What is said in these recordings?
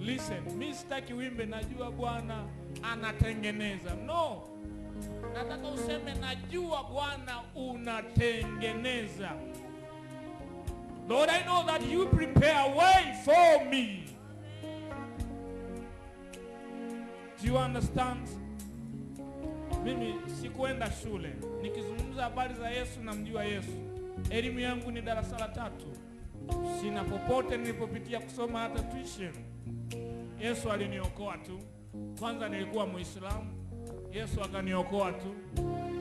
Listen, mimi sitaki wimbe najua Bwana anatengeneza. No. Nataka useme najua Bwana unatengeneza. Lord, I know that you prepare a way for me. Do you understand? Mimi sikuenda shule. Nikizungumza habari za Yesu namjua Yesu. Elimu yangu ni darasa la tatu. Sina popote nilipopitia kusoma hata tuition. Yesu aliniokoa tu. Kwanza nilikuwa Muislamu, Yesu akaniokoa tu.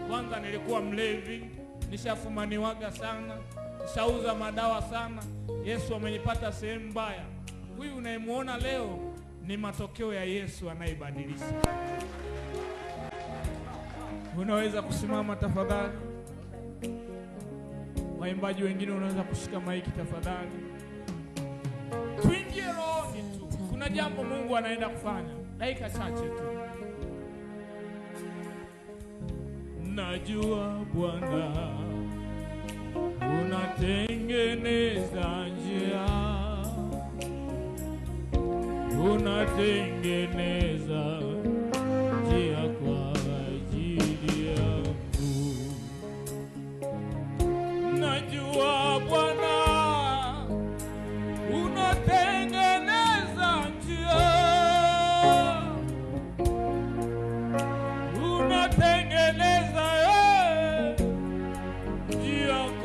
Kwanza nilikuwa mlevi, nishafumaniwaga sana, nishauza madawa sana, Yesu amenipata sehemu mbaya. Huyu unayemuona leo ni matokeo ya Yesu anayebadilisha. Unaweza kusimama tafadhali? Waimbaji wengine, unaweza kushika maiki tafadhali. jambo Mungu anaenda kufanya dakika chache tu. Najua Bwana unatengeneza njia, unatengeneza njia kwa ajili yangu, najua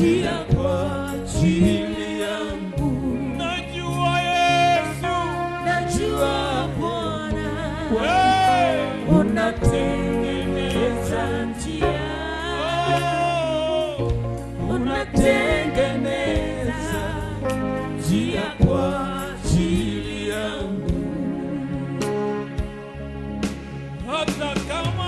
njia kwa Yesu, najua Bwana, njia, oh! unatengeneza njia kwa ajili yangu hata kama